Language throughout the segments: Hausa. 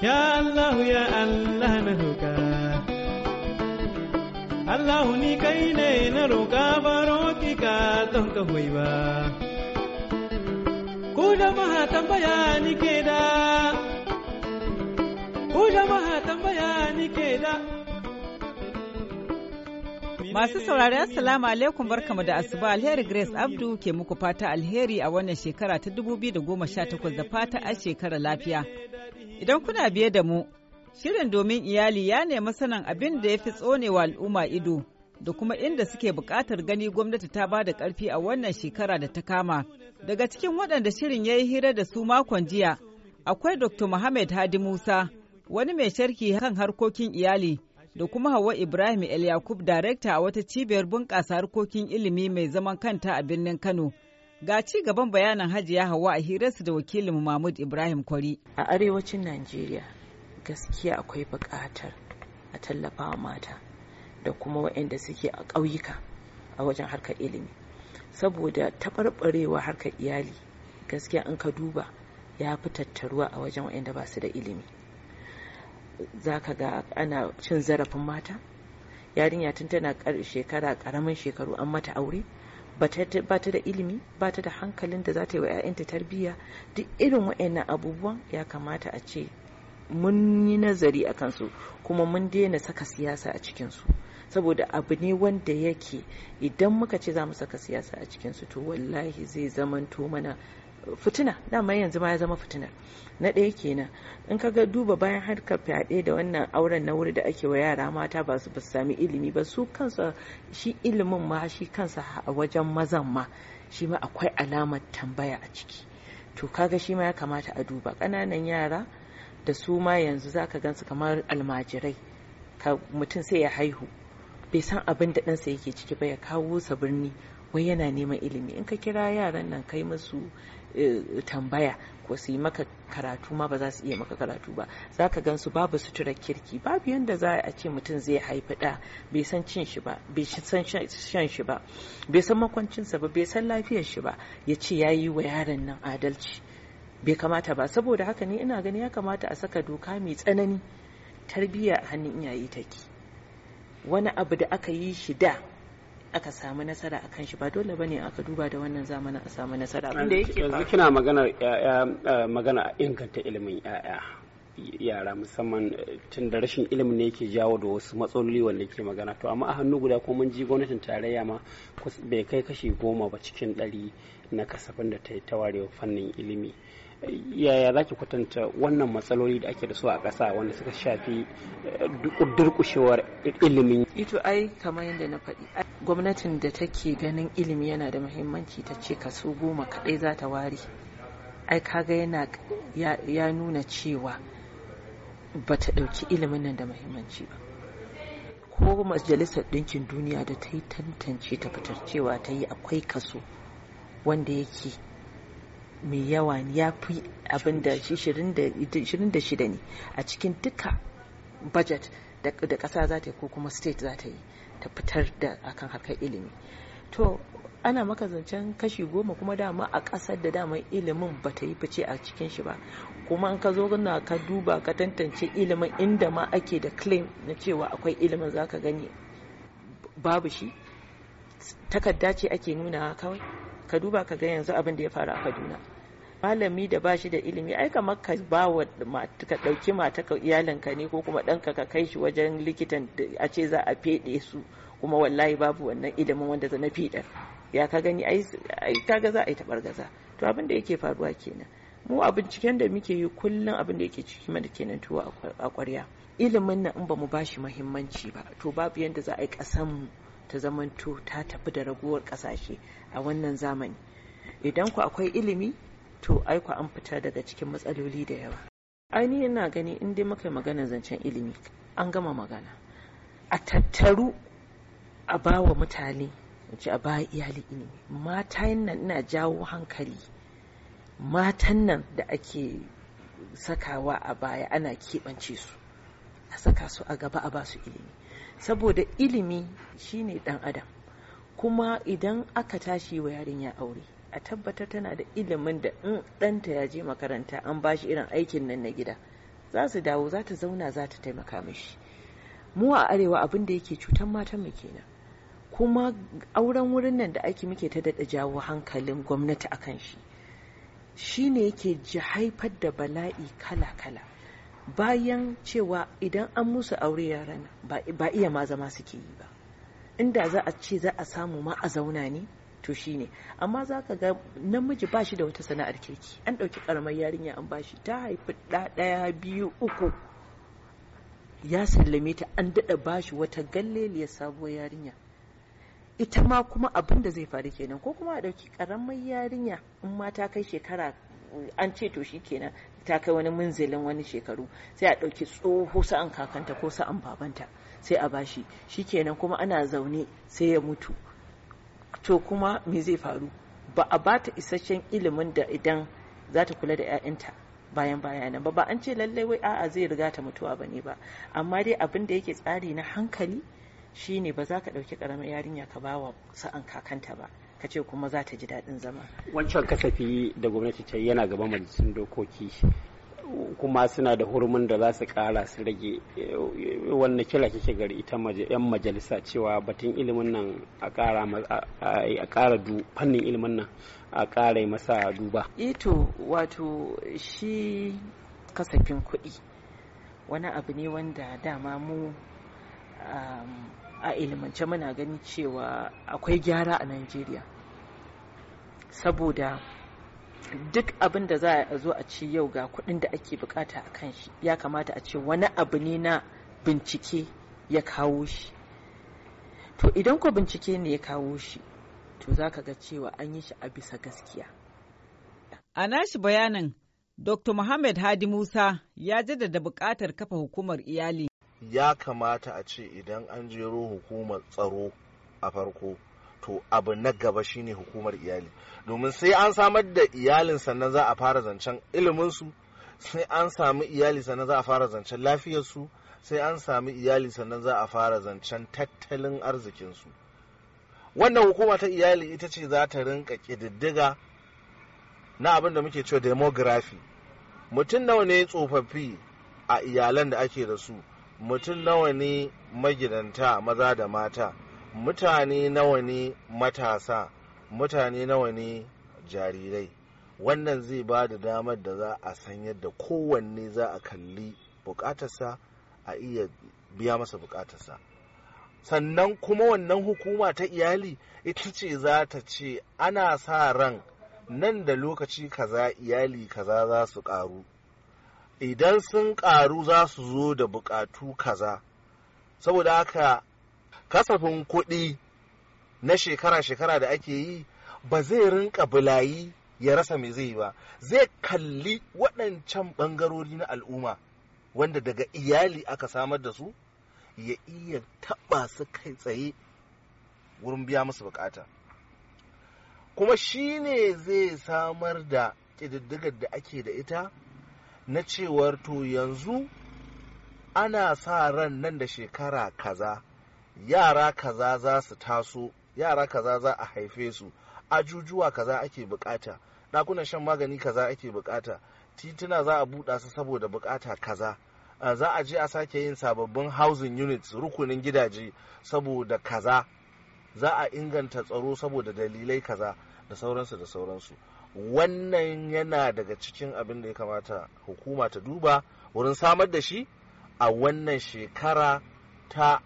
Ya Allah ya Allah na roƙa Allah ni kai ne na roƙa baro ki ka don ka hoyi ba Ku jama'a tambaya ni ke da Ku jama'a tambaya ni ke da Masu saurari Assalamu alaikum barkamu da asuba alheri Grace Abdu ke muku fata alheri a wannan shekara ta 2018 da fata a shekara lafiya. Idan kuna biye da mu, shirin domin iyali ya nemi sanin abin da ya fi tsonewa al'umma ido da kuma inda suke buƙatar gani gwamnati ta ba da ƙarfi a wannan shekara da ta kama. Daga cikin waɗanda shirin ya yi hira da su makon jiya, akwai Dr. Muhammad Hadi Musa, wani mai sharhi kan harkokin iyali. da kuma Hauwa Ibrahim El Yakub darekta a wata cibiyar bunƙasa harkokin ilimi mai zaman kanta a birnin Kano Ga ci gaban bayanin Hajiya Hawa a hirarsu da wakilin Mahmud Ibrahim Kwari. A arewacin Najeriya gaskiya akwai buƙatar a tallafawa mata da kuma waɗanda suke a ƙauyuka a wajen harkar ilimi. Saboda taɓarɓarewa harkar iyali gaskiya in ka duba ya fi tattaruwa a wajen waɗanda ba su da ilimi. Za ka ga ana cin zarafin mata, yarinya tun tana shekara ƙaramin shekaru an mata aure. ba ta da ilimi ba ta da hankalin da za ta yi wa 'ya'yanta tarbiyya duk irin wa'annan abubuwan ya kamata a ce mun yi nazari a kansu kuma mun daina saka siyasa a cikinsu saboda abu ne wanda yake idan muka ce za mu saka siyasa a cikinsu to wallahi zai zamanto mana fitina dama yanzu ma ya zama fitina na ɗaya kenan in ka ga duba bayan harka fyaɗe da wannan auren na wuri da ake wa yara mata ba su sami ilimi ba su kansa shi ilimin ma shi kansa a wajen mazan ma shi ma akwai alamar tambaya a ciki to kaga shi ma ya kamata a duba ƙananan yara da su ma yanzu za zaka gansu kamar almajirai ka mutum sai ya haihu bai san abin da ɗansa yake ciki ba ya kawo sa birni wai yana neman ilimi in ka kira yaran nan kai musu Eh, tambaya ko su yi maka karatu ma ba za su iya maka karatu ba za ka gan su babu sutura kirki babu yadda za a ce mutum zai haifi ɗa bai san cin shi ba bai san shan shi ba bai san makwancinsa ba bai san lafiyar shi ba ya ce ya yi wa yaron nan adalci bai kamata ba saboda haka ne ina gani ya kamata a saka doka mai tsanani tarbiyya hannun iyaye take wani abu da aka yi shi da aka samu nasara a kan shi ba dole bane aka duba da wannan zamani a samu nasara abinda yake yanzu kina magana ya eh, magana inganta ilimin ya'ya yara musamman eh, tun da rashin ilimin ne yake jawo da wasu matsaloli wanda ke magana to amma a hannu guda ko mun ji gwamnatin tarayya ma bai kai kashi goma ba cikin ɗari na kasafin da ta yi ta fannin ilimi yaya za ki kwatanta wannan matsaloli da ake da su a kasa wanda suka shafi eh, durƙushewar ilimin ito ai kamar yadda na faɗi gwamnatin da take ganin ilimi yana da muhimmanci ta ce kaso goma kaɗai za ta ware ai kaga yana ya nuna cewa ba ta ɗauki ilimin nan da muhimmanci ba ko majalisar ɗinkin duniya da ta yi tantance ta fitar cewa ta yi akwai kaso wanda yake mai yawa ya fi abin da shi 26 ne a cikin duka budget da ƙasa za ta yi ko kuma state za ta yi ta fitar da akan harkar ilimi to ana maka zancen kashi goma kuma dama a ƙasar da dama ilimin ba ta yi fice a cikin shi ba kuma an ka zo na ka duba ka tantance ilimin inda ma ake da claim na cewa akwai ilimin za ka gani babu shi takarda ce ake nuna kawai ka duba ka ga yanzu abin da ya faru a kaduna malami da ba shi da ilimi ai kamar ka ba wa ka ɗauki mata ka iyalinka ne ko kuma ɗanka ka kai shi wajen likitan a ce za a feɗe su kuma wallahi babu wannan ilimin wanda na fiɗa. ya ka gani ai kaga za a yi gaza to abin da yake faruwa kenan mu a binciken da muke yi kullum abin da yake ciki mana kenan tuwa a ƙwarya ilimin nan in ba mu bashi muhimmanci ba to babu yadda za a yi ƙasanmu ta zamanto ta tafi da raguwar ƙasashe a wannan zamani idan ku akwai ilimi to aiko an fita daga cikin matsaloli da yawa Ainihin yana gani in dai muka yi magana zancen ilimi an gama magana a tattaru a ba wa mutane a ba iyali ilimi matan nan ina jawo hankali matan nan da ake sakawa a baya ana keɓance su a saka su a gaba a ba su ilimi saboda ilimi shine dan adam kuma idan aka tashi wa yarinya aure a tabbatar tana da ilimin da in ɗanta ya je makaranta an ba shi irin aikin nan na gida za su dawo za ta zauna za ta taimaka mishi mu a arewa abin da yake cutar matan mu kenan kuma auren wurin nan da ake muke ta daɗa jawo hankalin gwamnati a kan shi shi ne yake haifar da bala'i kala-kala bayan cewa idan an musu aure yaran ba iya ma zama suke yi ba inda za a ce za a samu ma a zauna ne to shi ne amma za ka ga namiji ba shi da wata sana'ar kirki an ɗauki karamar yarinya an bashi ta haifi ɗaya biyu uku ya sallame ta an daɗa bashi wata galleliyar sabuwar yarinya ita ma kuma abin da zai faru kenan ko kuma a ɗauki karamar yarinya in ma ta kai shekara an ce to shi kenan ta kai wani munzilin wani shekaru sai a ɗauki tsoho sa'an kakanta ko sa'an babanta sai a bashi shi kenan kuma ana zaune sai ya mutu to kuma me zai faru ba a ba ta isasshen ilimin da idan za ta kula da 'ya'yanta bayan bayanan ba ba an ce lallai wai a'a zai riga ta mutuwa ba ne ba amma dai abin da yake tsari na hankali shine ba za ka ɗauki ƙaramin yarinya ka bawa sa'an kakanta ba ka ce kuma za ta ji daɗin zama wancan kasafi da gwamnati ta yana gaban majalisun dokoki kuma suna da hurumin da za su kara su rage eh, wannan kira kike gari ita yan majalisa cewa batun ilimin nan a kara du fannin ilimin nan a kara masa duba ito wato shi kasafin kuɗi wani abu ne wanda dama mu um, a ilimance muna gani cewa akwai gyara a najeriya saboda duk abin da za a zo a ci yau ga kuɗin da ake bukata a kan shi ya kamata a ce wani abu ne na bincike ya kawo shi to idan ko bincike ne ya kawo shi to za ka ga cewa an yi shi a bisa gaskiya a nashi bayanin dr muhammad hadi musa ya jaddada bukatar kafa hukumar iyali ya kamata a ce idan an jero hukumar tsaro a farko to abu na gaba shine hukumar iyali domin sai an samar da iyalin sannan za a fara zancen iliminsu sai an sami iyali sannan za a fara zancen lafiyarsu sai an sami iyali sannan za a fara zancen tattalin arzikinsu wannan hukuma ta iyali ita ce za ta rinka ƙididdiga na abin da muke cewa demografi. mutum nawa ne tsofaffi a iyalan da ake da su mutum nawa ne magidanta maza da mata mutane nawa ne matasa mutane nawa ne jarirai wannan zai ba da damar da za a san yadda kowanne za a kalli bukatarsa a iya biya masa bukatarsa sannan kuma wannan hukuma ta iyali ita ce za ta ce ana sa ran nan da lokaci kaza iyali kaza za su karu idan sun karu za su zo da bukatu kaza saboda haka kasafin kuɗi na shekara-shekara da ake yi ba zai rinka bulayi ya rasa mai zai yi ba zai kalli waɗancan ɓangarori na al'umma wanda daga iyali aka samar da su ya iya taɓa su kai tsaye wurin biya musu bukata kuma shi ne zai samar da ƙididdigar da ake da ita na cewar to yanzu ana sa ran nan da shekara kaza yara kaza za su taso yara kaza za a haife su ajujuwa kaza ake bukata ɗakunan shan magani kaza ake bukata tituna za a buɗa su saboda bukata kaza za a je a sake yin sababbin housing units rukunin gidaje saboda kaza za a inganta tsaro saboda dalilai kaza da sauransu da sauransu wannan yana daga cikin abin da ya kamata hukuma ta duba wurin samar da shi a wannan shekara ta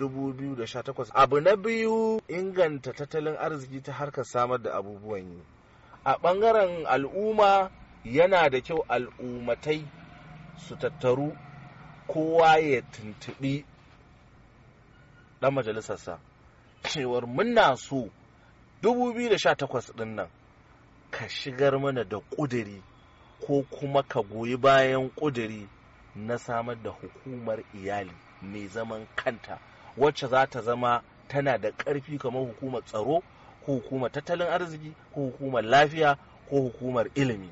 2018 abu na biyu inganta tattalin arziki ta harkar samar da abubuwan yi a ɓangaren al'umma yana da kyau al'ummatai su tattaru kowa ya tuntuɓi ɗan majalisarsa cewar muna so 2018 ɗin nan ka shigar mana da ƙudiri ko kuma ka goyi bayan ƙudiri na samar da hukumar iyali mai zaman kanta wacce za ta zama tana da ƙarfi kamar hukumar tsaro ko hukumar tattalin arziki ko hukumar lafiya ko hukumar ilimi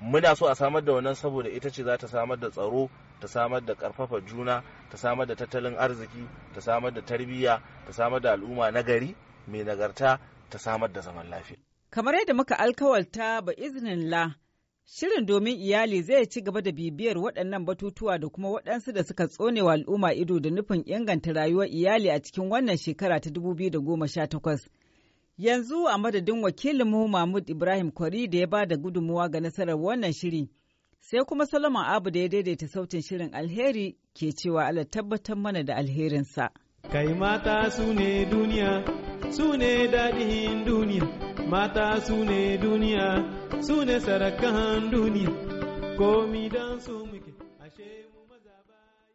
muna so a samar da wannan saboda ita ce za ta samar da tsaro ta samar da karfafa juna ta samar da tattalin arziki ta samar da tarbiyya ta samar da al'umma nagari mai nagarta ta samar da zaman lafiya kamar yadda muka alkawalta ba iznin la Shirin domin iyali zai ci gaba da bibiyar waɗannan batutuwa da kuma waɗansu da suka tsone wa al'umma ido da nufin inganta rayuwar iyali a cikin wannan shekara ta 2018. Yanzu a madadin wakilinmu Mahmud Ibrahim Kwari da ya ba da gudunmuwa ga nasarar wannan shiri, sai kuma Solomon Abu da ya daidaita sautin shirin alheri ke cewa Allah tabbatar mana da alherinsa. Kai mata su ne duniya, su ne daɗin duniya mata su duniya su ne sarakan duniya komi don su muke ashe